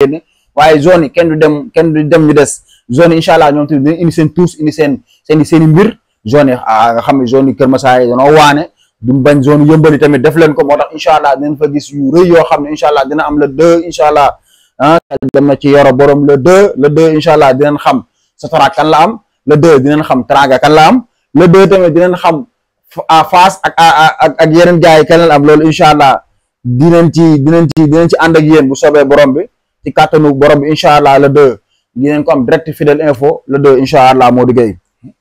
génn waaye zone yi kenn du dem kenn du dem ñu des zone yi incha allah ñoom tamit seen tuus indi seen seen i seen i mbir zone ah, nga xam ne zone yi Kër Masar yi waane duñ bañ zone yëmbali tamit def leen ko moo tax incha allah dinañ fa gis yu yoo xam ne incha allah dina am le deux incha allah ah dem na ci yoro borom le deux le deux allah dinañ xam satara kan la am le deux dinañ xam traga kan la am le deux tamit dinañ xam à ah, fas ak ah, ak ak yeneen gars yi kan la am loolu incha allah dinañ ci dinañ ci dinañ ci ànd ak yéen bu soobee borom bi. ci kàttanu borom bi incha allah le deux ñu neen ko am direct fidèle info le deux incha allah Modou Gueye.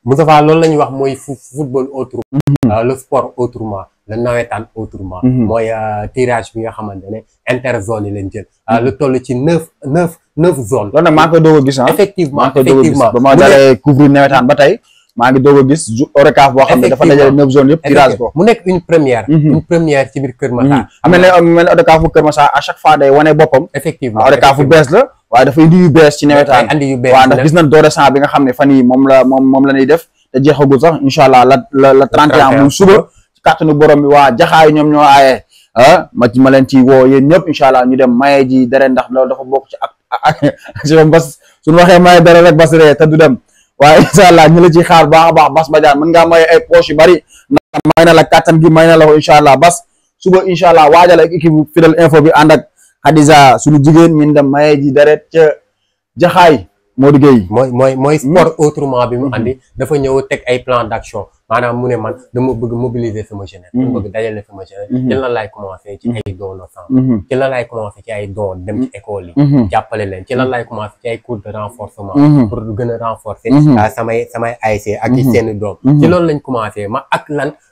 Moustapha loolu la ñuy wax mooy football autrement. Mhm. Euh, le sport autrement le nawetaan autrement. Mhm. mooy euh, tirage bi nga xamante ne interzone yi leen jël. Euh, lu toll ci neuf neuf neuf zones. loolu nag maa ngi koy a gis ah. effectivement effectivement ba ma dalee couvrir nawetaan ba tey. maa ngi doog a gis ORCAV boo xam ne dafa dajale neuf zones yëpp tirage ko mu nekk une première une première ci biir Kër Massar am mel ne ORCAV bu Kër la waaye dafa indi yu bees ci nawetaan andi yu bees waaw ndax gis bi nga xam ne fan yi moom la moom la ñuy def te jeexagul sax incha allah la la la trente et suba ci kàttanu borom bi waa jaxaay ñoom ñoo aaye ma ma leen ci woo yéen ñëpp ñu dem maye ji dere ndax dafa bokk ci ak waaye incha allah ñu la xaar baax baax Bas Badiane mën ngaa may ay poche yu bari ndax may na la kàttan gi may na la ko incha allah Bas suba incha allah waajal ak équipe Fidèle info bi ànd ak Hadiza suñu jigéen ñun dem maye ji deret ca jaxaay Modou Gueye. mooy mooy mooy sport hmm. autrement bi mu andi hmm. dafa ñëw teg ay plan d'action. maanaam mu ne man dama bëgg mobiliser sama jeunesse. dama mhm. bëgg dajale sama jeunesse. ci mhm. la laay commencé ci ay mhm. don no sang. ci la laay commencé ci ay don dem ci école yi. jàppale leen ci la laay commencé ci ay cours de renforcement. pour gën a renforcer. samay samay ASC ak seen i doom. ci loolu lañ commencé ma ak lan.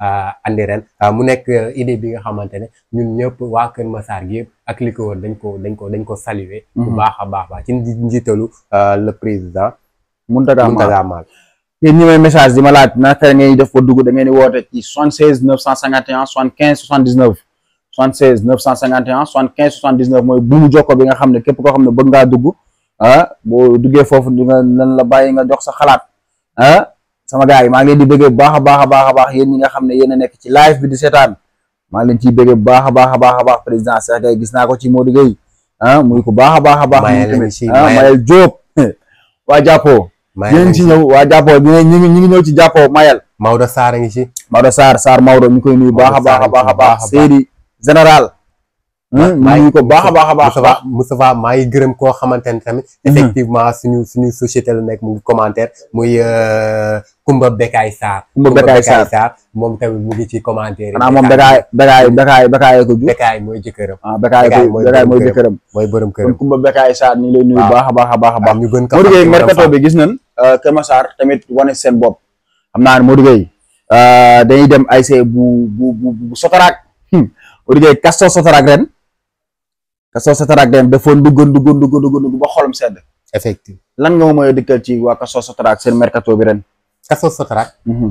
andi ren mu nekk euh, idée bi nga xamante ne ñun ñëpp waa Kër Massar gi yëpp ak li ko woon dañ ko dañ ko dañ ko saluer mm-hmm. bu baax a baax baax ci njiitalu euh, le président Mountaga Maal yéen ñi message di ma laaj naka ngeen def ko dugg da ngeen di woote ci 76 951 75 79 76 951 75 79 mooy bu mu jokko bi nga xam ne képp koo xam ne bëgg ngaa dugg ah boo duggee foofu di nga lan la bàyyi nga jox sa xalaat ah sama gars maa ngi leen di bëggee bu baax a baax a baax a baax yéen ñi nga xam ne yéen nekk ci live bi di maa ngi leen ciy bëggee bu baax a baax a baax a baax président Cheikh Gueye gis naa ko ci Modou Gueye ah muy baax a baax a baax Mayel Diop waa jàppoo ñeen ci ñëw waa jàppoo ñu ngi ñu ngi ñëw ci jàppoo Mayel Maodo Sarr saar ngi ci Maodo Sarr Sarr Maodo ñu koy nuyu baax a baax a baax a baax Seydi général Hmm, maa ngi ko baax a baax a baax a baax Moustapha maa ngi gërëm koo xamante ne tamit hmm. effectivement suñu suñu société la nekk mu ngi commentaire muy Kumba euh, Bekaay Sarr Kumba Bekaay Sarr moom tamit mu ngi ci commentaire xanaa moom Bekaay Bekaay Bekaay Bekaay ko jur Bekaay mooy jëkkëram ah Bekaay Bekaay mooy jëkkëram mooy borom këram Kumba a baax a baax a baax ñu gën Modou Gueye mercato bi gis nañ euh, Kër Massar tamit wane seen bopp xam naa ne Modou Gueye euh, dañuy dem ay see bu bu bu bu Sotarak hmm. Modou ren te Soose Trac dem dafoon duggoon duggoon duggoon duggoon ba xolam sedd. effectivement lan nga ma mën a dikkal ci waa Soose Trac seen mercato bi ren. Soose Trac. Mhm.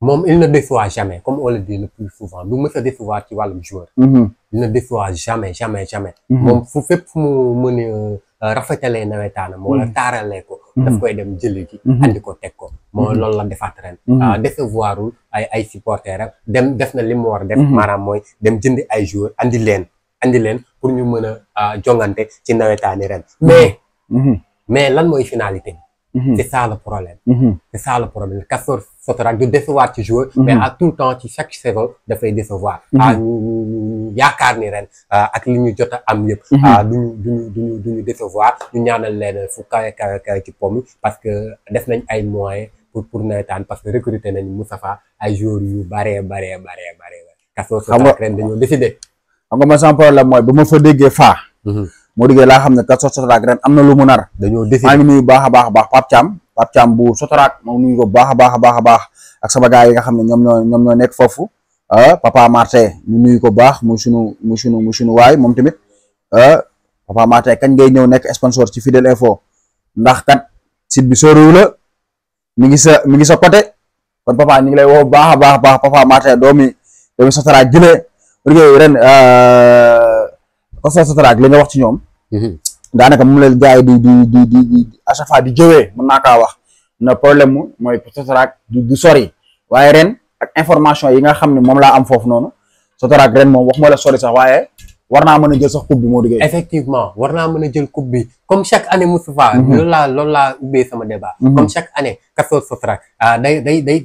moom il ne déçoit jamais comme on le dit le plus souvent du mës a décevoir ci wàllum joueur. Mhm. il ne déçoit jamais jamais jamais. Mhm. moom fu fépp fu mu mën a euh, rafetalee nawetaanam. wala taaralee ko. daf koy dem jëli ji. andi ko teg ko. moo loolu la defaat ren. Ah, décevoirul ay ay supporters dem def na li mu war a def. maanaam mooy dem jëndi ay joueurs andi leen. andi leen pour ñu mën a jongante ci nawetaani ren mm-hmm. mais mm-hmm. mais lan mooy finalité bi mm-hmm. c'est ça le problème c'est ça le problème Castor Sotrac du décevoir ci joueur mais à tout le temps ci chaque saison dafay décevoir ah ñu yaakaar ni ren ah, ak li ñu jot a am yëpp ah, du duñu duñu duñu décevoir ñu ñaanal leen fu kawe kawe kawe ci pomm parce que def nañ ay moyens pour pour nawetaan parce que recruter nañ Moustapha ay joueurs yu bare bare bare bare Castor Sotrac ren dañoo décidé xam nga man sama problème mooy fa déggé fa déggee faa. Mhm. moo déggee laa xam ne kat sotraak ren amna lu mu nar. dañu défi maa ngi nuyu baaxa a baax a baax pap cham Pape Thiam bu sotraak ma nuyu ko baaxa baaxa baaxa baax ak sama gaay yi nga xamné ñom ñoo ñom ñoo nek fofu euh ah, Papa marté ñu nuyu ko baax mu suñu mu suñu mu suñu way mom tamit euh Papa marté kañ ngay ñew nek sponsor ci Fidèle Info ndax kat site bi sóoruwu la mi ngi sa mi ngi sa côté kon papa ñu ngi lay wo baaxa a baax baax Papa marté domi domi sotraak jilé liggéey ren euh, Oustaz Sotrac li nga wax ci mhm. daanaka moom la gars yi di di di naa wax na problème mu mooy Sotrac du waaye ren ak information yi nga xam ne moom laa am foofu noonu Sotrac ren moom wax ma la sori sax waaye war naa mën a jël sax coupe bi moo effectivement war naa mën a jël coupe bi comme chaque année Moustapha. Mhm. loolu laa loolu sama débat. Mhm. comme chaque année Castors Sotrac. ah euh, day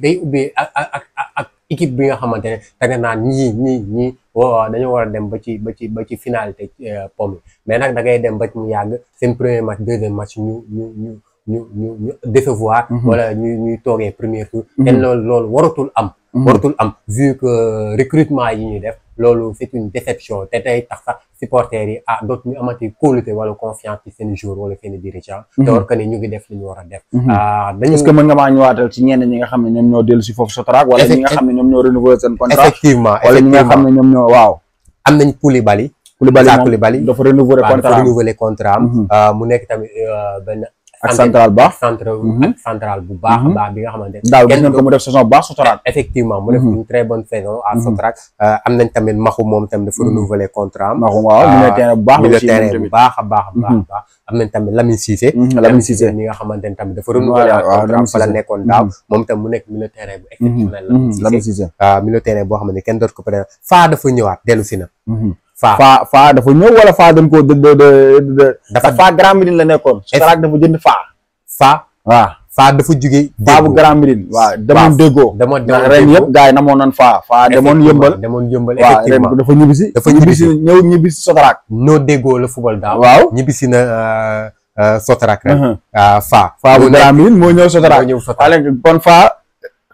équipe bi nga xamante ne da naan ni ni ñii waaw dañoo war a dem ba ci ba ci ba ci finalité euh, pomme mais nag da ngay dem ba ci mu yàgg seen premier match deuxième match ñu ñu ñu ñu ñu ñu décevoir. Mhm. wala ñu ñuy toogee premier tour. Mhm. te loolu loolu waratul am. Mhm. waratul am vu que euh, recrutement yi ñuy def. loolu c'est une déception te day tax sax supporters yi ah dootu ñu amati kóolute confiance ci jour wala seen dirigeant mhm. te war que ñu ngi def li ñu a def mhm. ah, dañu est-ce que nga maa ñëwaatal ci ñenn ñi nga xam ne ñoom ñoo dellu si foofu Sotrac wala ñi nga xam ne ñoom ñoo ñoom waaw am nañ Koulibaly Koulibaly moom dafa renouveler contrat renouveler contrat mhm. ah, mu nekk tamit euh, benn ak central baax centre mhm. ak bu baax a mhm. baax bi nga xamante daaw gis nañ ko mu def saison baax Sotrac e, effectivement mu def mhm. une très bonne euh, euh, bu baax milieu de terrain baax a baax a baax a baax nga xamante ne tamit dafa renouveler contrat fa la nekkoon daaw moom euh, boo xamante ne kenn dootu ko pare faa dafa ñëwaat dellu si na faa faa dafa ñëw wala faa dañ koo dëdd dafa faa Grand Médine la nekkoon Sotrac dafa jënd faa faa waaw faa dafa jugee faa bu Grand Médine waaw demoon déggoo ndax ren yëpp gars yi namoon nan faa faa demoon yëmbal demoon yëmbal effectivement dafa ñibbisi dafa ñibbisi ñëw ñibbisi Sotrac noo déggoo la football daaw waaw ñibbisi na Sotrac faa faa bu Grand Médine moo ñëw Sotrac kon faa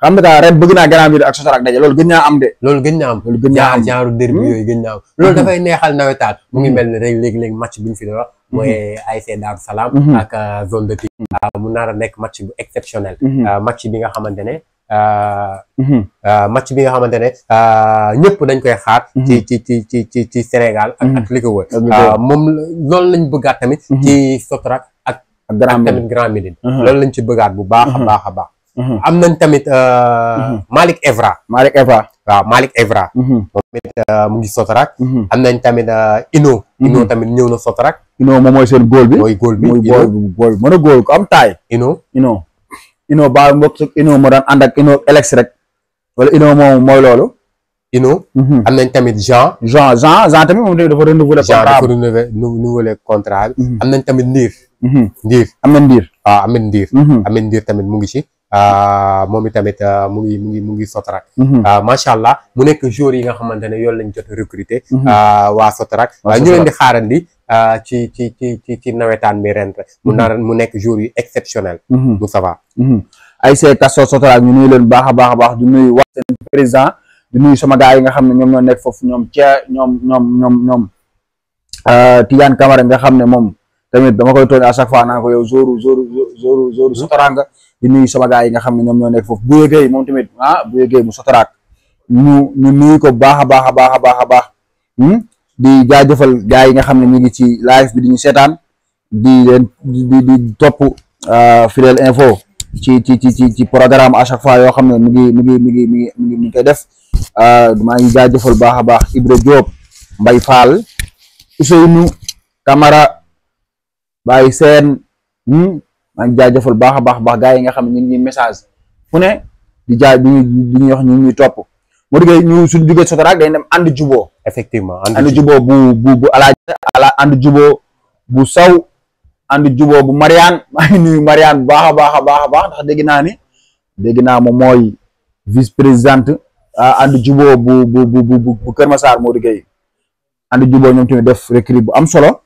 xam nga daal ren bëgg naa gànnaam bi ak Sotrac daje loolu gën naa am de. loolu gën naa am loolu gën naa am genre derby yooyu gën naa am. Hmm. loolu dafay hmm. neexal nawetaan. mu ngi hmm. mel ni rek léegi léegi match bi ñu fi doon wax. mooy ASC Daaru Salaam. Euh, zone de Ticmbay. Ah, mu nar a nekk match bu exceptionnel. Ah, match bi nga xamante ne. Ah, match bi nga xamante ne ñëpp dañ koy xaat ci ci ci ci ci ci Sénégal. ak ak li ko moom loolu lañ bëggaat tamit. ci Sotrac ak. ak Grand Médine tamit lañ ci bëggaat bu baax a baax a baax. Mhm. am nañ tamit euh, mhm. malik Evra. Malick Evra waaw Malick Evra. Mhm. moom euh, mu ngi Sotrac. am nañ tamit euh, Ino. Ino tamit ñëw na Sotrac. Ino moom mooy seen góol bi mooy góol bi mooy góol bi mën a góol ko am taay. ba mbokk Ino daan ànd ak rek wala Ino mooy loolu. Ino. am nañ tamit Jean. Jean Jean Jean tamit moom dafa renouveler contrat dafa renouveler contrat am nañ tamit Ndiir. Ndiir na Ndiir. waaw am na Ndiir. am ah, na Ndiir tamit mu ngi ci. Ah, moom itamit ah, mu ngi mu ngi mu ngi Sotrac mhm. ah, macha allah mu nekk joueurs yi nga xamante ne yoon lañ jot recruter mhm. waa Sotrac ñu leen di xaarandi ci ci ci ci ci nawetaan bi ren rek mu mhm. nar mu nekk jour yu exceptionnel Moussa Ba ay see kaso Sotrac ñu nuyu leen baax a baax a baax di nuyu wax seen président di nuyu sama gars yi nga xam ne ñoom ñoo nekk foofu ñoom ca ñoom ñoom ñoom ñoom Tidiane Camara nga xam ne moom tamit dama koy tooñ à chaque fois naa ko yow zoru zoru zoru zoru Sotrac nga di nuyu sama gars yi nga xam ne ñoom ñoo nekk foofu Bouye Gueye moom tamit ah Bouye Gueye mu sotoraak ñu ñu nuyu ko baax a baax a baax a baax a baax hmm? di jaajëfal gars yi nga xam ne ñu ngi ci live bi di ñu seetaan di leen di di topp euh, Fidèle Info ci ci ci ci programme à chaque fois yoo xam ne mu ngi mu ngi mu ngi mu ngi mu ngi mu ngi koy def euh, maa ngi jaajëfal baax a baax Ibra Diop Mbaye Fall Ousseynou Camara Baye Sène hmm? maa jaajeful jaajëfal baax a gaay yi nga xam ne message fu ne di jaay di di ñuy wax ñu ñuy top moo diggee ñu suñu duggee Sotrac day dem and juboo effectivement and bu bu bu ala ala and jubo bu saw and jubo bu Marian, ma ngi nuyu marian baax a baax a ndax degg na ni degg na mo moy vice présidente and jubo bu bu bu bu bu keur Massar moo diggee and jubo ñoom tamit def recrue bu am solo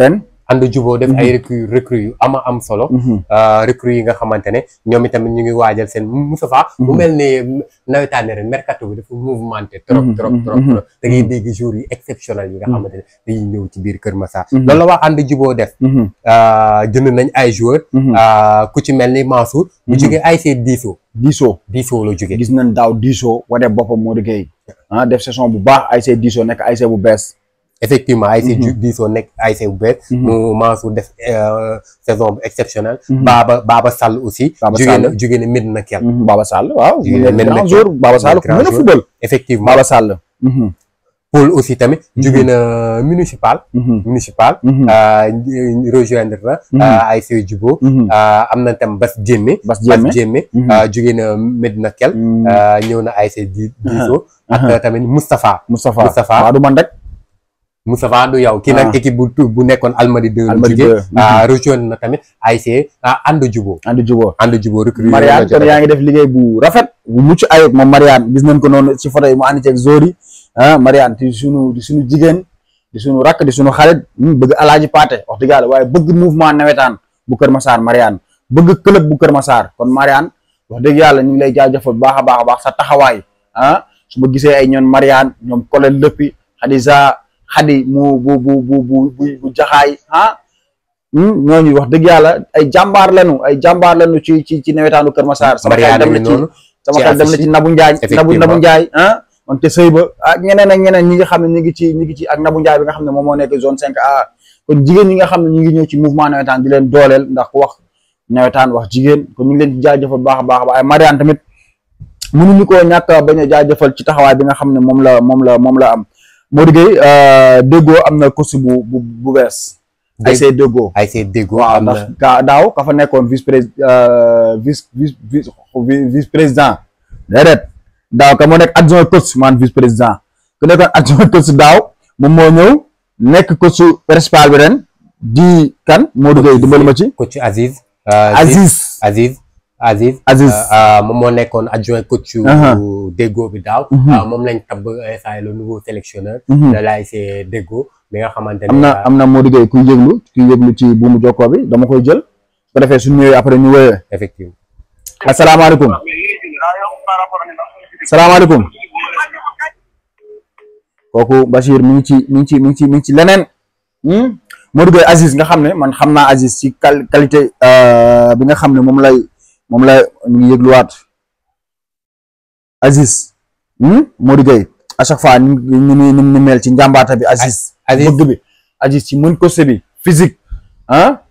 ren. ànd juboo def ay recrue mhm. recrue yu ama am solo mhm. ah, recrue yi nga xamante ne ñoom itamit ñu ngi waajal seen Moustapha mu mhm. mel ni nawetaane ren mercato bi dafa mouvementé trop trop trop trop da ngay yi exceptionnel yi nga xamante ne dañuy ci biir Kër Massar loolu la waa ànd juboo def ah, jënd nañ ay joueur ah, ku ci mel ni Mansour bu jógee ay see diisoo diisoo diisoo la jógee gis nañ daaw diisoo wane boppam moo di koy saison bu baax ay see diisoo nekk ay see bu bees effectivement ASC mhm. Diouf neck nekk ASC bu bees saison exceptionnel exceptionnelle mhm. Baba Baba Sall aussi jóge na jóge na kel mhm. Baba Sall waaw grand Baba Sall ku football effectivement Baba Sall Paul aussi tamit jóge na euh, municipal municipal euh, euh, rejoindre na ASC Djibo am na tam Bas Jémme Bas Jémme jóge na Medina Kel ñëw na ASC Diso uh-huh. ak tamit Moustapha Moustapha du man Moustapha du yow kii nag ah. équipe bu bu nekkoon Almadi 2 Almadi 2 rejoindre na tamit ASC ànd ah, juboo ànd juboo ànd juboo recrue Mariane kon yaa ngi def liggéey bu rafet bu mucc ayib moom Mariane gis nañ ko noonu ci photo yi mu ànd ceeg Zori ah Mariane di sunu di sunu jigéen di sunu rakk di sunu xarit hmm, bëgg alaaji paate wax dëgg yàlla waaye bëgg mouvement nawetaan bu Kër Massar Mariane bëgg club bu Kër Massar kon Mariane wax dëgg yàlla ñu lay jaajëfal baax a baax a baax sa taxawaay ah, su ma gisee ay ñoon Mariane ñoom Colette Lëppi Hadiza xadi mu bu bu bu bu bu jaxaay ah, hmm, wax dëgg yàlla ay jàmbaar lañu ay jàmbaar lañu ci ci ci nawetaanu Kër Massar. sama xel dem na ci sama xel dem na ci Nabou Ndiaye Nabou Nabou Ndiaye ah man te sëy ba ak ah, ñeneen ak ñeneen ñi nga xam ne ñu ngi ci ñu ngi ci ak nabu Ndiaye bi nga xam ne moom moo nekk zone 5A ñi nga xam ne ñu ngi ñëw ci mouvement nawetaan di leen dooleel ndax wax nawetaan wax jigéen kon ñu ngi leen ci jaajëfal baax a baax waaye Mariane tamit mënuñu koo ñàkk bañ a jaajëfal ci taxawaay bi nga xam ne moom la moom la moom la am Modou Gueye euh, déggoo am na coach bu bu bu bees. ay see déggoo ay see déggoo daaw ka fa nekkoon vice prés euh, vice vice vice président. déedéet daaw ka moo nekk adjoint coach man vice président ku nekkoon adjoint coach daaw moom moo ñëw nekk coach principal bi ren di kan Modou Gueye dimbali ma ci. coach Aziz. Euh, Aziz Aziz. Aziz Aziz euh, euh, moom moo nekkoon adjoint coach uh-huh. Déggo bi daaw mhm. euh, moom lañ tabb SAE le nouveau sélectionneur bi mhm. nga xamante ne am na am na Modou Gueye kuy yëglu kuy yëglu ci buumu jokkoo bi dama koy jël su ko defee suñu ñëwee après ñu wéyee effectivement asalaamaaleykum salaamaaleykum kooku Bachir mi ngi ci mu ngi ci mu ngi ci mi ngi ci leneen hmm? Modou Gueye Aziz nga xam ne man xam naa Aziz ci qualité bi nga xam ne moom lay moom la ñu ngi yëgluwaat Aziz hmm? Modou à chaque fois ni mu ni mu ci njàmbaata bi Aziz. bëgg bi Aziz ci mën ko bi physique ah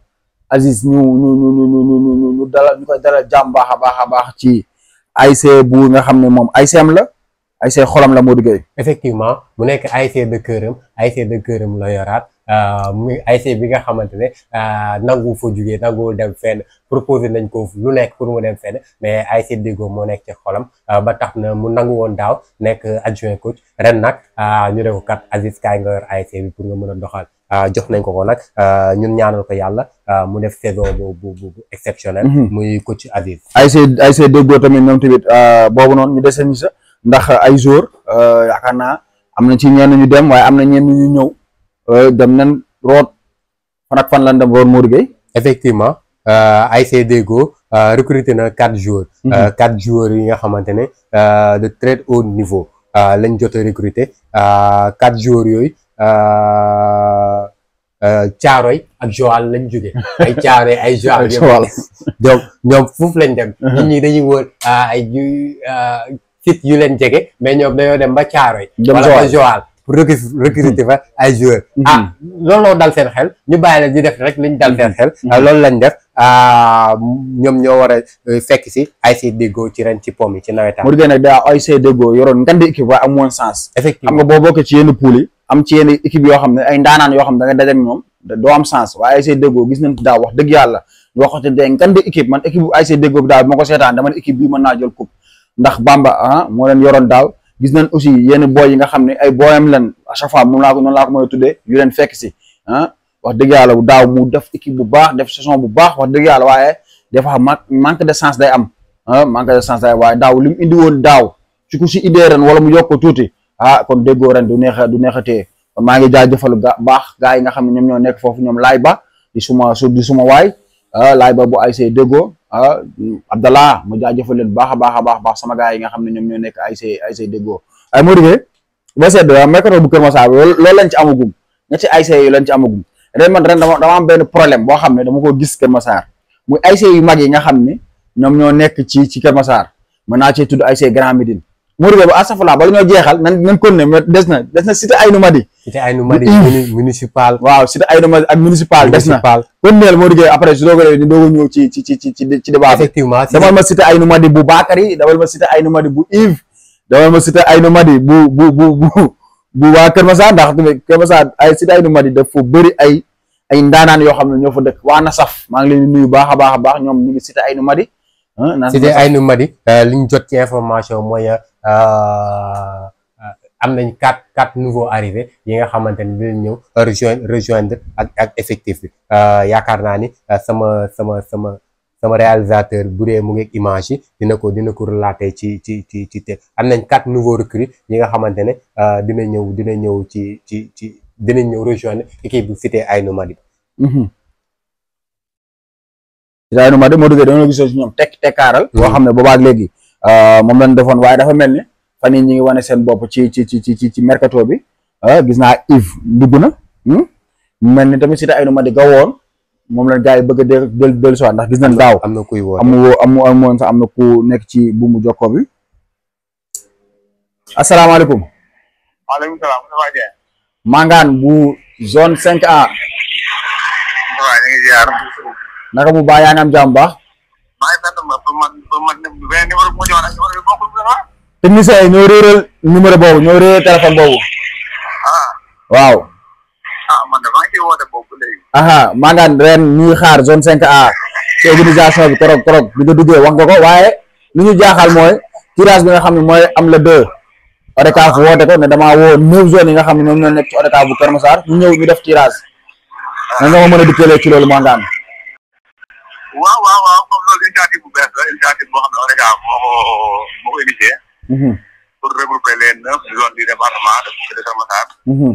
ñu ñu ñu ñu ñu dalal ñu a baax a baax ci ASC bu nga xam ne moom ay am la ASC xolom la moo Gueye. effectivement mu nekk ay de këram ay de këram la yoraat. muy euh, ASC bi nga xamante ne euh, nangu fa jugee nangu dem fenn proposé nañ ko lu nekk pour mu dem fenn mais ASC Deggo moo nekk ci xolam euh, ba tax na mu nangu woon daaw nekk adjoint coach ren nag ñu kat Aziz kaay nga yor pour nga mën a doxal jox nañ ko ko nag ñun ñaanal ko yàlla mu def saison bu bu bu exceptionnel. Mhm. muy coach Aziz. ASC ASC Deggo tamit boobu noonu ñu dese ñu sa ndax ay jour yaakaar naa am na ci ñenn ñu dem waaye am na ñenn ñu ñëw. Uh, dominant road fan ak fan lan dem rôle Modou Gueye effectivement ASC euh, Deggo euh, recruté na 4 joueurs mhm. euh, quatre joueurs yi nga xamante ne de très haut niveau lañ jot a 4 quatre joueurs yooyu Caaroy ak Joal lañ jóge ay Caaroy ay Joal Joal donc ñoom foofu lañ dem mhm. nit ñi dañuy wër ay fit yu leen jege mais ñoom dañoo dem ba Caaroy wala ba Joal pour recruter fa ay joueurs. Mhm. ah looloo dal xel ñu bàyyi ñu def rek liñ dal seen xel. Mhm. loolu lañ def ah, ñoom ñoo war a euh, fekk si ASC Deggo ci ren ci pom yi ci nawetaan. mu nag daa ASC yoroon ngan di équipe waaye am boo bokk ci yenn pool yi yoo xam ne ay ndaanaan yoo xam ne da nga daje ak am sens waaye ASC Deggo gis nañ daaw wax dëgg yàlla waxate de ngan di équipe man équipe bu ASC Deggo daaw bi ma ko seetaan dama ne équipe bii mën naa jël coupe ndax Bamba ah, moo leen yoroon daaw gis nañ aussi yenn booy yi nga xam ne ay booyam lan a chaque fois moom laa ko noonu laa mooy tuddee yu leen fekk si ah wax dëgg yàlla daaw mu def équipe bu baax def saison bu baax wax dëgg yàlla waaye des fois manque de sens day am ah manque de sens day am waaye daaw li indiwoon daaw su ko si idée ren wala mu yokk tuuti ah kon dëggoo ren du neex a du neex a téye maa ngi jaajëfalu baax gaa yi nga xam ne ñoom ñoo nekk foofu ñoom laay ba di suma di suma waay ah laay ba bu ASC Deggo ah Abdallah ma jaajëfal leen baax a baax a baax sama gars yi nga xam ne ñoom ñoo nekk ASC ASC Deggo ay Modibe ba sedd ah, micro bu Kër Massar loolu lañ ci amagum ñetti ASC yu lañ ci amagum ren man ren dama dama am benn problème boo xam ne dama ko gis Kër Massar muy ASC yu mag yi nga xam ne ñoom ñoo nekk ci ci Kër Massar mën naa cee tudd ay Grand Médine Mouride bu asafula bala ñoo jeexal nan nan kon ne des na des na cité Aynou Mady. cité municipal. waaw cité ay Mady ak municipal. des na kon neel Mouride après su doog a ñu doog a ñëw ci ci ci ci ci débat bi. effectivement damal ma cité Aynou Mady bu Bakary damal ma cité Aynou Mady bu Yves damal ma cité Aynou Mady bu bu bu bu bu waa Kër Masar ndax Kër Masar ay cité Aynou Mady dafa bëri ay ay ndaanaan yoo xam ne ñoo fa dëkk waa Nasaf maa ngi leen nuyu baax a baax a baax ñoom ñu ay cité Aynou cité Aynou Madi euh, li ñu jot ci information mooy euh, euh, am nañ quatre quatre nouveaux arrivés ñi nga xamante ni dinañ ñëw rejoindre rejoindre ak ak effectif bi yaakaar naa ni sama sama sama sama réalisateur bu dee mu ngi image dina ko dina ko relater ci ci ci ci te am nañ quatre nouveaux recrues ñi nga xamante ne dina ñëw dina ñëw ci ci ci dinañ ñëw rejoindre équipe bu cité ay Madi. Mhm. cité Aynou Madi moo duggee da nga gis ñoom teg. tekkaaral hmm. boo xam ne boobaak léegi euh, moom lañ defoon waaye dafa mel ni fan yi ñi ngi wane seen bopp ci ci ci ci ci mercato bi euh, gis naa Yves dugg na hmm? mel ni tamit si ta ay nu ma di gawoon moom lañ gars yi bëgg a del del soit ndax gis nañ daaw am na kuy woo am amoon sax am na ku nekk ci bu jokkoo bi asalaamaaleykum maaleykum cinq mu baax yaa ngi baax technicien yi ah. ñoo réeral numéro boobu ñoo réeral téléphone boobu. Ah. waaw. ah man de maa aha maa ngaan ren ñu ngi xaar zone cinq a ci organisation bi trop trop bi nga duggee wax nga ko waaye lu ñu jaaxal mooy tirage bi nga xam ne mooy am la deux ODCAV woote ko ne damaa woo neuf zones yi nga xam ne ñoom ñoo nekk ci ODCAV bu Kër ñu ñëw ñu def tirage. Ah. nan nga ma mën a dikkalee ci loolu maa waaw waaw waaw comme loolu initiative bu bees la initiative boo xam ne ODCAV moo ko moo ko initié. Mhm. pour regrouper les neuf zones du département de Kër Massar. Mhm.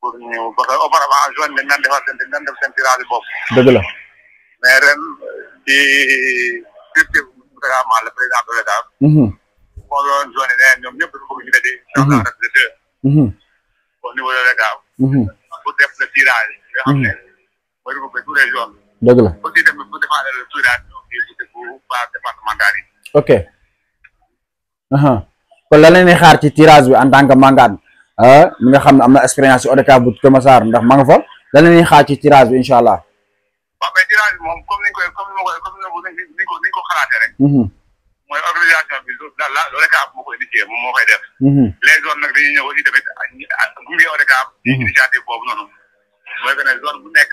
pour ñu parce que auparavant zone dañ naan defar seen dañ naan def seen tirage bopp. dëgg la mais ren ci surtout vraiment le président de l'État. Mhm. moo doon zone yi nee ñoom ñëpp dafa bëgg ñu daje. changement de deux. au niveau de l'État. pour def le tirage. nga xam ne mooy regrouper tous les zones. dëgg la aussi tamit bu defaa tourisme ñu ngi ci bu ok. kon la xaar ci tirage bi en tant que Mangane mi nga xam ne am na expérience ci ODCAV bu Kër Massar ndax ma nga fa la leen xaar ci tirage bi incha moom comme ni koy comme ni ñu ko ni ñu ko xalaatee rek. mooy organisation bi la la ODCAV moo koy initié moom moo koy def. les zones nag dañuy ñëw aussi tamit gunge initiative boobu noonu. mooy que ne nekk.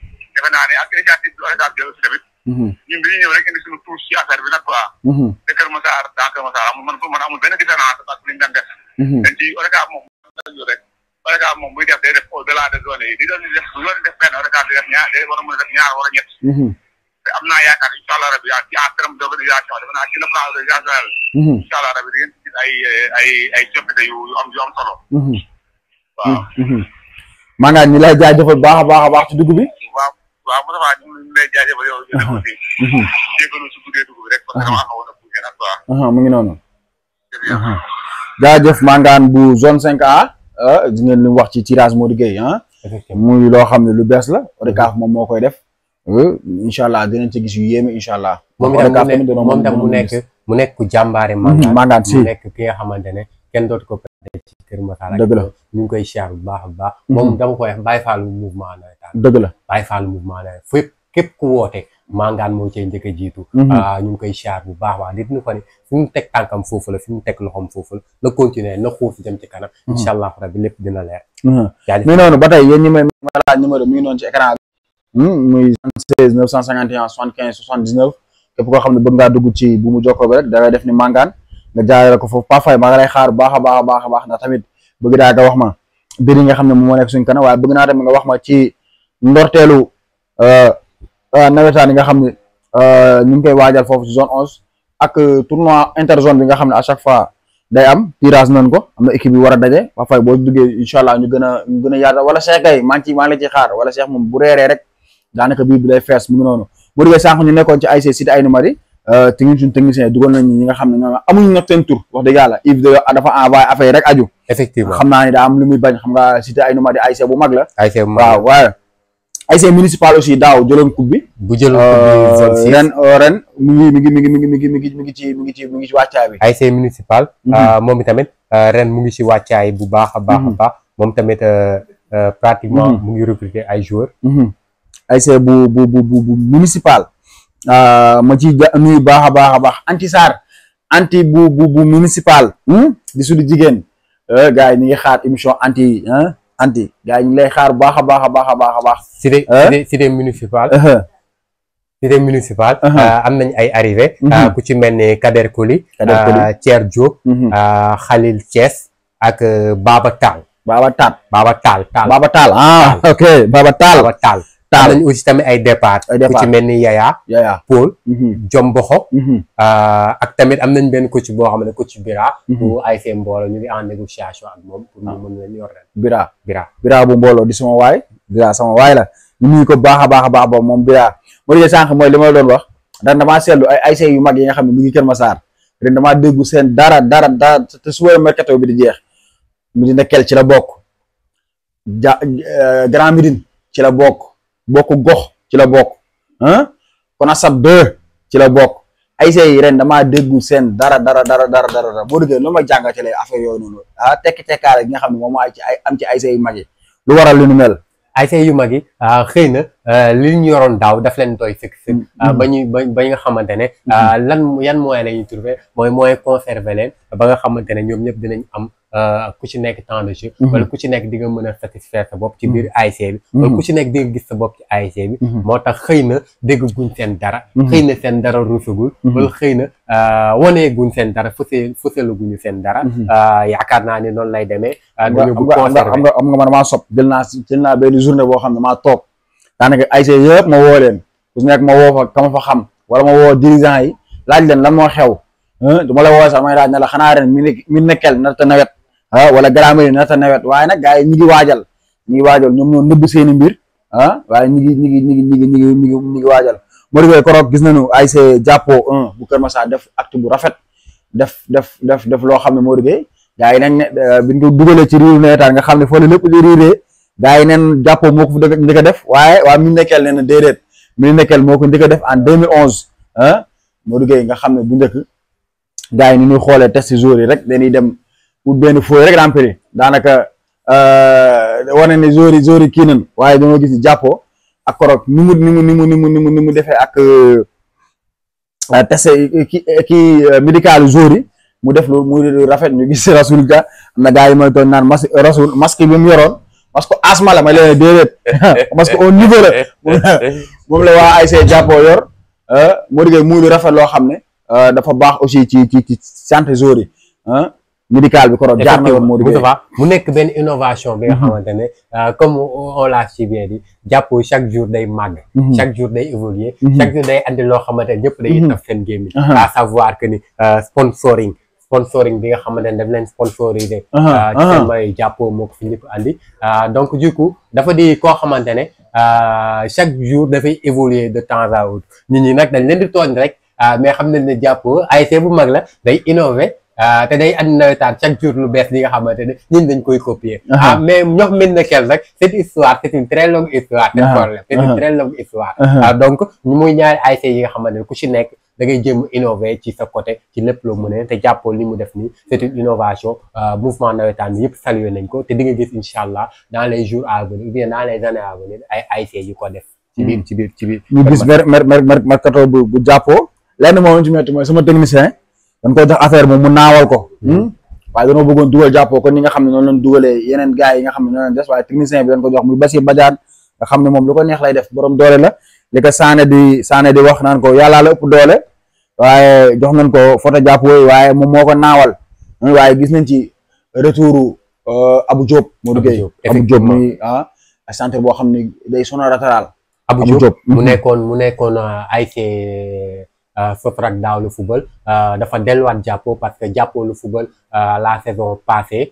defe naa ne ak initiative bi ONCAV jël si tamit. Mhm. ñun dañuy ñëw rek indi suñu tuus ci affaire bi nag quoi. Mhm. te Kër Masar dans Kër Masar amul man man amul benn différence ak li ñu daan def. Mhm. dañ ci ONCAV moom ñu rek ONCAV moom buy def day def au a mën a a di ngeen gis ay ay ay a baax a waaw Moussa Fall mhm. mu ngi noonu. jaajëf Mangane bu zone 5A. di ah, ngeen li wax ci tirage Modou Gueye ah. muy loo xam ne lu bees la. Odekaaf moom moo koy def. Euh, incha allah dinañ ci gis yu yéeme incha allah. mu nekk mu nekk ku jàmbaare. Mhm, Mangane mu nekk ki nga xamante ne kenn dootu ko. ci Kër Massar dëgg la ñu ngi koy siyaar bu baax a baax moom mm-hmm. dama koy wax Baye Fall mouvement nawetaan dëgg la Baye Fall mouvement nawetaan fépp képp ku woote mangaan moo cay njëkk jiitu mm-hmm. ah, ñu ngi koy siyaar bu baax baax di ñu ko ne fi mu teg tànkam foofu la fu mu teg loxom foofu la na continuer na xuuf jëm ci kanam mm-hmm. incha allah rabbi lépp dina leer mi noonu ba tey yéen ñi may malaaj numéro mi ngi noonu ci écran muy 76 951 75 79 képp koo xam ne bëgg ngaa dugg ci bu mu jokkoo rek da def ni mangaan nga jaarale ko foofu Pape Faye maa ngi lay xaar baax a baax a baax a baax ndax tamit bëgg naa nga wax ma mbir yi nga xam ne moom moo nekk suñ kanam waaye bëgg naa tamit nga wax ma ci ndorteelu euh, euh, nawetaan nga xam ne euh, ñu ngi koy waajal foofu ci zone onze ak tournoi interzone bi nga xam ne à chaque fois day am tirage nañ ko am na équipe yi war a daje Pape Faye boo duggee incha allah ñu gën a gën a yaatal wala Cheikh Gueye maa ngi ci xaar wala Cheikh moom bu reeree rek daanaka biir bi day fees mu noonu bu duggee sànq ñu nekkoon ci ASC ay nu Mady Euh, technicien sen dugon nañ ñi nga xamne nga amuñ na seen tur wax yalla if de dafa envoyé affaire rek aju. effectivement xamna ni da am lu muy bañ xam nga cité ay nomades ASC bu mag la. ASC bu mag waaw ay sé municipal aussi daw jëlon coupe bi. bu jël coupe euh, ren euh, ren mu ngi mi ngi mi ngi mi ngi mi ngi mi ngi ci mi ngi ci mi ngi ci waccay bi. sé municipal. Mhm. momi tamit ren mu ngi ci waccay bu baaxa baaxa mhm. ba mom tamit pratiquement mhm. mu ngi recruter ay joueurs. sé bu bu bu bu municipal. Ah, ma ci nuy baax baax anti sar anti bu bu bu municipal hmm? di suñu jigen euh gaay ni ngi xaar émission anti anti gaay ni lay xaar baax a baax a baax eh? cité cité municipal. Eh, eh. cité municipal. Ah, am nañ ay arrivé. Mhm. Ah, ku ci melni Kader Koli. tier Koli mhm. Khalil Thiès ak Baba tal Baba tal Baba tal Baba tal ah okay Baba tal Baba tal taal nañ aussi tamit ay départ ku ci mel ni Yaya Yaya Paul mhm. Jomboxo mhm. Euh, ak tamit am nañ benn coach boo xam ne coach Bira mhm. bu ASC Mbooloo ñu ngi en négociation ak moom pour ñu mën leen yor ren Bira Bira bu Mbooloo di sama waay Bira sama waay la ñu nuyu ko baax a baax a baax boobu moom Bira moo dee sànq mooy li ma doon wax ndax damaa seetlu ay see yu mag yi nga xam ne mu ngi Kër Massar ren damaa déggu seen dara dara dara te su wéyee mercato bi di jeex mu na kel ci la bokk ja euh, Grand Médine ci la bokk bokk gox ci la bokk ah CONACAF 2 ci la bokk ay ren damaa déggu seen dara dara dara dara dara boo déggee lu ma jàngatalee affaire yooyu noonu ah tekki tekkaare gi nga xam ne moom moo ci ay am ci ay say yu mag yi lu waral lu nu mel. ay say yu mag yi Ah, xëy na eh, li ñu yoroon daaw daf leen doy sëkk sëkk mm-hmm. ah, ba ñuy ba ba nga xamante ne ah, mm-hmm. lan yan moyen la ñuy trouver mooy moyen conserver leen ba nga xamante ne ñoom ñëpp dinañ am ku ci nekk temps de jeu mm-hmm. wala ku ci nekk di nga mën a satisfaire sa bopp ci biir ASC bi wala ku gis sa bopp ci ASC bi moo tax xëy na dégg guñ seen dara xëy na seen dara ruusagul wala xëy na wanee guñ seen dara fëse fësalaguñu seen dara yaakaar naa ni noonu lay demee dañu sob jël naa jël naa benn journée boo xam ne maa daanaka ay see yëpp ma woo leen ku ma woo fa ka ma fa xam wala ma woo dirigeant yi laaj leen lan moo xew du ma la woo sax may laaj ne la xanaa ren mi nekkel na ta nawet ah wala grammaire nar ta nawet waaye nag gars yi ñu ngi waajal ñu waajal ñoom ñoo nëbb seeni mbir ah waaye ñu ngi ñu ngi ñu ngi ñu ngi ñu ngi waajal Modibo Korog gis nañu ay see jàppo bu Kër ma Massar def acte bu rafet def def def def loo xam ne Modibo gars yi nañ ne euh, bi ñu dugalee ci riiru neetaan nga xam ne foo la lépp riiree gaa nen jappo moko moo ko def waye wa mi nekkeel nen dedet déedéet mi nekkeel moo ko def en 2011 hein Modou Gueye nga xam bu ndek gaa ni ñuy xoolee test jour yi rek dañuy dem ut ben foy rek danaka euh woné ni jour yi jour yi kii nan waye dama gis jappo ak korok ni mu ni mu ni mu ni mu ni mu ni mu defé ak euh, euh, test ki kii euh, médical jour yi mu def lu mu rafet ñu gis Rasoul ga na gaay ma mooy nan rasul mas Rasoul masque mu yoron parce que asma la ma leen déedéet parce que au niveau la moom la waa ASC jàppoo yor ah, moo diggee rafet loo xam ne ah, dafa baax aussi ci ci ci santé jour yi ah, médical bi koro jaar na woon mu nekk benn innovation bi nga xamante ne comme on l'a si bien dit jàppoo chaque jour day màgg mhm. chaque jour day évoluer mhm. chaque jour day andi loo xamante ne ñëpp day mhm. taf seen gémmi à savoir que ni sponsoring sponsoring bi nga xamante ne daf leen sponsorisé ah, ci seen may jàppoo moo ko fi ñëpp andi ah, donc du coup dafa di koo xamante ne ah, chaque jour dafay évoluer de temps à autre nit ñi nag dañ leen di tooñ rek mais xam nañ ne jàppoo ASC bu mag la day innover te day na nawetaan chaque jour lu bees li nga xamante ne ñu dañ koy copier. ah mais ñox mel na kel rek cette histoire c' est une très longue histoire. c' une très longue histoire. donc muy ñaari ASC yi nga xamante ne ku ci nekk. da ngay jéem innover ci sa côté loo te jàppoo li mu def nii c'est une innovation euh, mouvement nawetaan yëpp salué nañ ko te di nga gis incha allah dans les jours à venir ou bien dans les ay ASC ko def. Hmm. ci biir ci biir ñu gis mer mer mer mercato bu bu jàppoo lenn moom ci métti mooy sama technicien dañ koy affaire moom mu naawal ko. Hmm. Hmm. waaye dañoo bëggoon dugal jàppoo ko ni nga xam ne noonu lañ dugalee yeneen gars nga xam ne noonu lañ des waaye technicien bi dañ jox muy Basir Badiane nga xam ne moom lu ko neex lay def borom doole la li ko Sané di Sané di wax naan ko yàllaa la ëpp doole waaye jox nañ ko foto jàpp wooyu waaye moom moo ko naawal waaye gis nañ ci retour euh, abu Diop. Modou Gueye ah, boo xam ne day sono mu nekkoon mu nekkoon euh, ay Sotrac euh, daaw le football dafa delluwaat jàppoo parce que jàppoo le football la saison passée.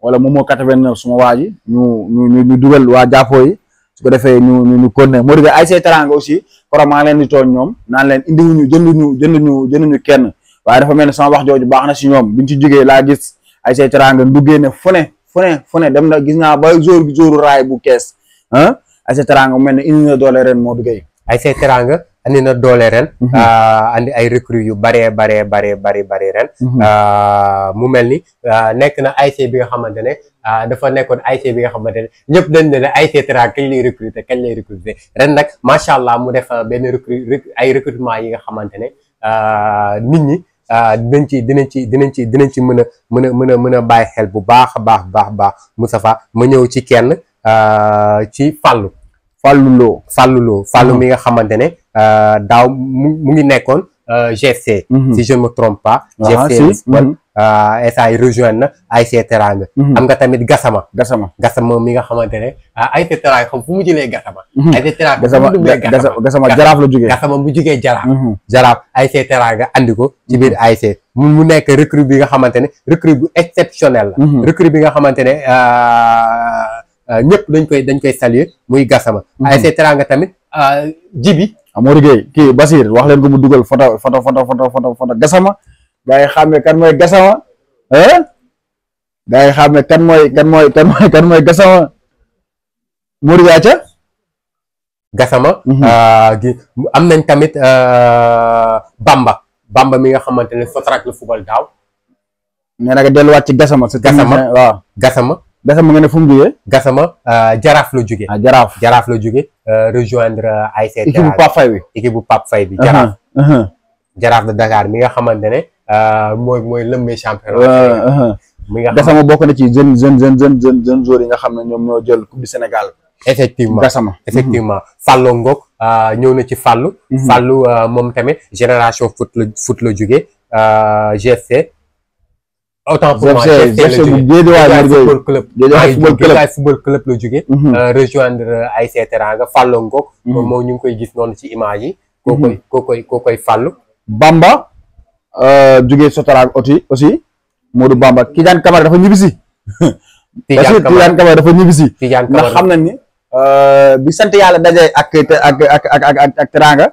wala moom moo 89 suma waa ji ñu ñu ñu dugal waa jàppoo yi su ko defee ñu ñu ñu continuer moo diga ASC Teranga aussi par maa leen di tooñ ñoom naan leen ñu jënduñu ñu kenn waaye dafa mel ne sama wax jooju baax na si ñoom biñ ci jógee laa gis ASC Teranga nduggee ne fu ne fu dem na gis naa ba jour bi jouru raay bu kees ah ASC Teranga mu mel ne indi na doole ren moo duggee ASC Teranga andi na doole ren. Mhm. Ah, andi ay recrues yu baree baree baree bari bari ren. Mhm. Ah, mu mel ni ah, nekk na ASC bi nga xamante ne dafa nekkoon ASC bi nga xamante ne ñëpp dañ ne ay ASC Tra kañ lay recruter kañ lay recruter ren nag macha allah mu def benn recrue ay recrutement yi nga xamante ne nit ñi. dinañ ci dinañ ci dinañ ci dinañ ci mën a mën a mën a mën a bàyyi xel bu baax a baax baax baax Moustapha ma ñëw ci kenn ci fàllu Fallou Lo Fallou Lo Fallou uh-huh. mi nga xamante ne euh, daaw mu ngi nekkoon euh, GFC uh-huh. si je ne me trompe pas ah, GFC kon uh-huh. euh, SA yi rejoindre na ASC Teranga am nga tamit Gassama Gassama Gassama mi nga xamante ne ASC Teranga xam fu mu jëlee Gassama ASC Teranga Gassama jaraaf la jógee Gassama bu jógee jaraaf jaraaf ASC Teranga andi ko ci biir ay ASC mu nekk recrue bi nga xamante ne recrue bu exceptionnel bi nga xamante ne Euh, ñëpp dañ koy dañ koy saluer muy Gassama. Mhm. ASC Teranga tamit euh, jibi Amadou ah, Gueye kii Basir wax leen ko mu dugal photo photo photo photo photo photo Gassama gars yi kan mooy Gassama eh gars yi xàmmee kan mooy kan mooy kan mooy kan mhm. euh, am nañ tamit Bamba Bamba mi nga xamante ne Sotrac la fubal daaw nee na nga delluwaat ci Gassama Gassama waaw Gassama Gassama nga ne fu mu jógee. Gassama euh, jaraaf la jógee. ah jaraaf jaraaf la jógee. Euh, rejoindre ASC Jaraaf bu pap fay bi équipe bu Pape Faye bi. Uh-huh, jaraaf uh-huh. jaraaf de Dakar mi nga xamante ne euh, mooy mooy lëmbee championnat. Uh-huh, mi nga Gassama bokk na ci jeune jeune jeune jeune jeune jeune joueur yi nga xam ne ñoom ñoo jël coupe Sénégal. effectivement Gassama effectivement Fallou Ngok ñëw na ci Fallou. Fallou moom tamit génération foot la foot la jógee GFC. autant pour moi football club Géejawaay football club la jóge mm-hmm. euh, rejoindre euh, ASC Teranga Fallou Ngok mm-hmm. ñu ngi koy gis noonu ci image yi koo koy mm-hmm. koo koy koo koy fàllu bàmba euh, juge Sotarang oti aussi Modou Bamba Tidiane Camara dafa ñibbisi Tidiane Camara dafa ñibbisi ndax xam nañ ni bi sant yàlla daje ak ak ak ak ak Teranga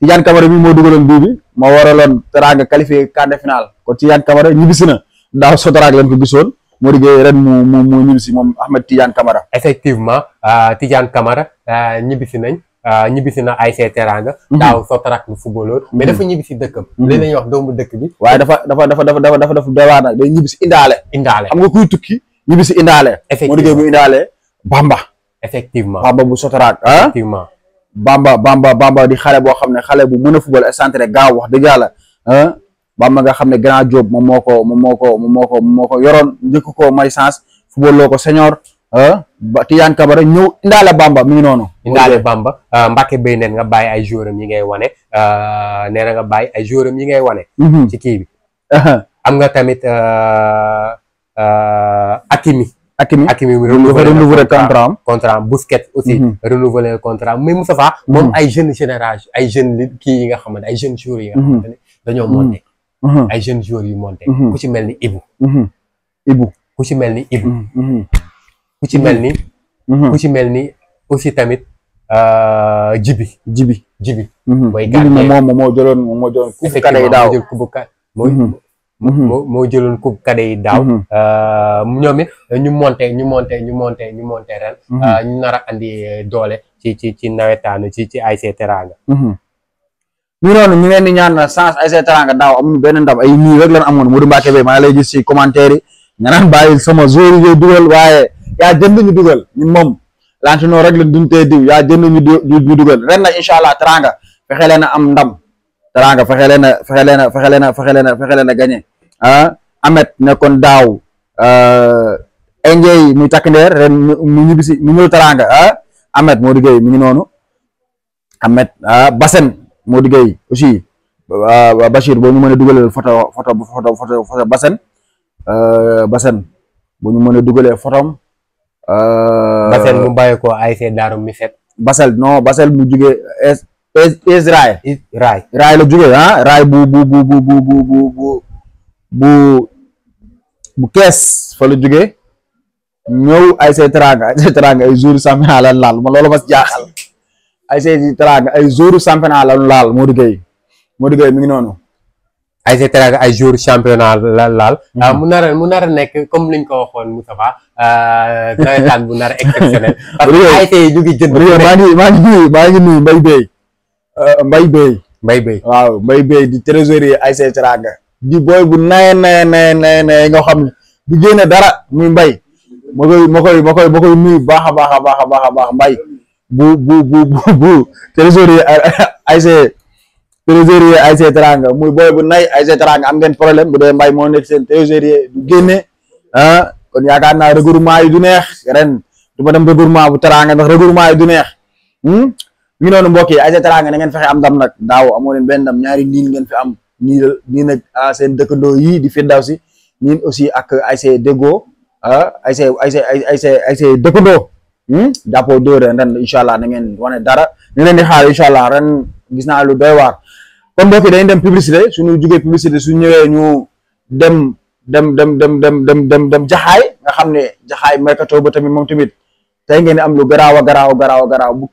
Tidiane Camara bi moo dugaloon bii bi moo waraloon Teranga qualifié quart de finale kon Tidiane Camara ñibbisi na daaw Sotrac lañ ko gisoon moo liggéey ren mu mu mu ñibbisi moom Ahmed Tidiane Camara. effectivement euh, Tidiane Camara euh, ñibbisi nañ. Euh, ñibbisi na ay see teraanga. Mhm. daaw Sotrac lu footballeur. mais mhm. dafa ñibbisi dëkkam. Mhm. li la ñuy wax doomu dëkk bi. waaye dafa dafa dafa dafa dafa dafa dafa dafa nag day ñibbisi indaale. indaale xam nga kuy tukki ñibbisi indaale. effectivement moo liggéey bu indaale Bamba. effectivement Bamba bu Sotrac ah. effectivement Bamba Bamba Bamba di xale boo xam ne xale bu mën a football excentré gaaw wax dëgg yàlla ah. Bamba nga xam ne Grand Diop moom moo ko moom ko moom moo ko moom ko yoroon njëkk ko may chance football loo ko senior ah, ba indaale Bamba mi ngi noonu. indaale Bamba ah, Mbacke Beye neen nga bàyyi ay jouram yi ngay wane nee na nga bàyyi ay jouram yi ngay wane. Ah, mhm. ci kii uh-huh. am nga tamit Hakimi. Hakimi Hakimi renouveler contrat am contrat am Busquets aussi. Mhm. renouveler contrat am mais moom mhm. ay jeune génération ay jeune kii yi nga xamante ay jeune joueurs nga xamante ne dañoo ay jeune joueur yu monté ku ci melni ni Ibou mm-hmm. Ibou ku ci melni ni Ibou ku ci melni ku ci melni aussi tamit euh Djibi Djibi Djibi mooy gardien Djibi moom mo jëlone mm-hmm. mo jëlone ku coupe cadet yi daaw coupe cadet mooy mo moo jëloon coupe cadet yi daaw ñoom mm-hmm. uh, ñu monté ñu monté ñu monté ñu monté ren uh, ñu nara andi eh, doole ci ci ci nawetanu ci ci ay cetera nga ñu noonu ñu ngeen di ñaan sans ay say taranga daaw amuñu benn ndam ay nii rek lan amoon gis ci commentaire yi nga naan bàyyil sama jour yi dugal waaye yaa jënd ñu dugal ñun moom lantinoo rek la duntee diw yaa jënd ñu dugal ren nag incha allah taranga fexe leen a am ndam taranga fexe leen a fexe leen a fexe leen a fexe leen a fexe leen a gagné ah Amet nekkoon daaw ah, Engey muy takk ren mu ñibbisi mu ñëw taranga ah Amet moo diggéey mi ngi noonu Amet ah moo Gueye aussi Bachir boo ñu mën a dugalee foto photo photo photo photo Bassène euh, Bassène ñu mën a dugalee photom euh, Bassène mu bàyyi ko ASC Daaru Mifet Basel non Basel mu jugee es es raay raay raay la jugee ah raay bu bu bu bu bu bu bu bu kees fa la jugee ñëw ay say teraanga ay say teraanga ay jour sàmmi laal ma loolu ma jaaxal ASC Teranga ay jour championnat la laal Modou Gueye Modou Gueye mi ngi noonu. ASC Teranga ay jour championnat la laal. Mhm. Ah, mu nar a mu nar a nekk comme liñ ko waxoon Moussa Ba euh, nawetaan bu nar a exceptionnel. parce que ASC yi ñu ngi jënd. maa ngi maa ngi nuyu maa ngi nuyu Mbaye Beye. Euh, Mbaye Beye. Mbaye Beye waaw Mbaye Beye di trésorier ASC Teranga. di booy bu naye naye naye naye naye nga xam ne du génne dara muy mbay ma koy ma koy ma koy ma koy nuyu baax a baax a baax a baax a baax mbay bu bu bu bu bu trésorier ASC trésorier ASC Teranga muy booy bu nay ASC Teranga am ngeen problème bu dee mbay moo nekk seen trésorier du génne ah, kon yaakaar naa regroupement yi du neex ren du ma dem regroupement bu Teranga ndax regroupement yi du neex ñu hmm? noonu mbokk yi ASC Teranga na ngeen fexe am ndam nag daaw amoo leen benn ndam ñaari niil ngeen fi am nii nii nag ah, seen dëkkandoo yi di firdaw si niin aussi ak ASC Déggo ah ASC ASC ASC ASC dëkkandoo dàppoo hmm? dóor ren ren incha na ngeen wane dara ñu leen di xaar incha allah ren gis naa lu doy waar kon mbokk yi dañuy dem publicité suñu jugee publicité su ñëwee ñu dem dem dem dem dem dem dem dem jaxaay nga xam ne jaxaay mercato ba tamit moom tamit tey ngeen am lu garaaw a garaaw garaaw garaaw bu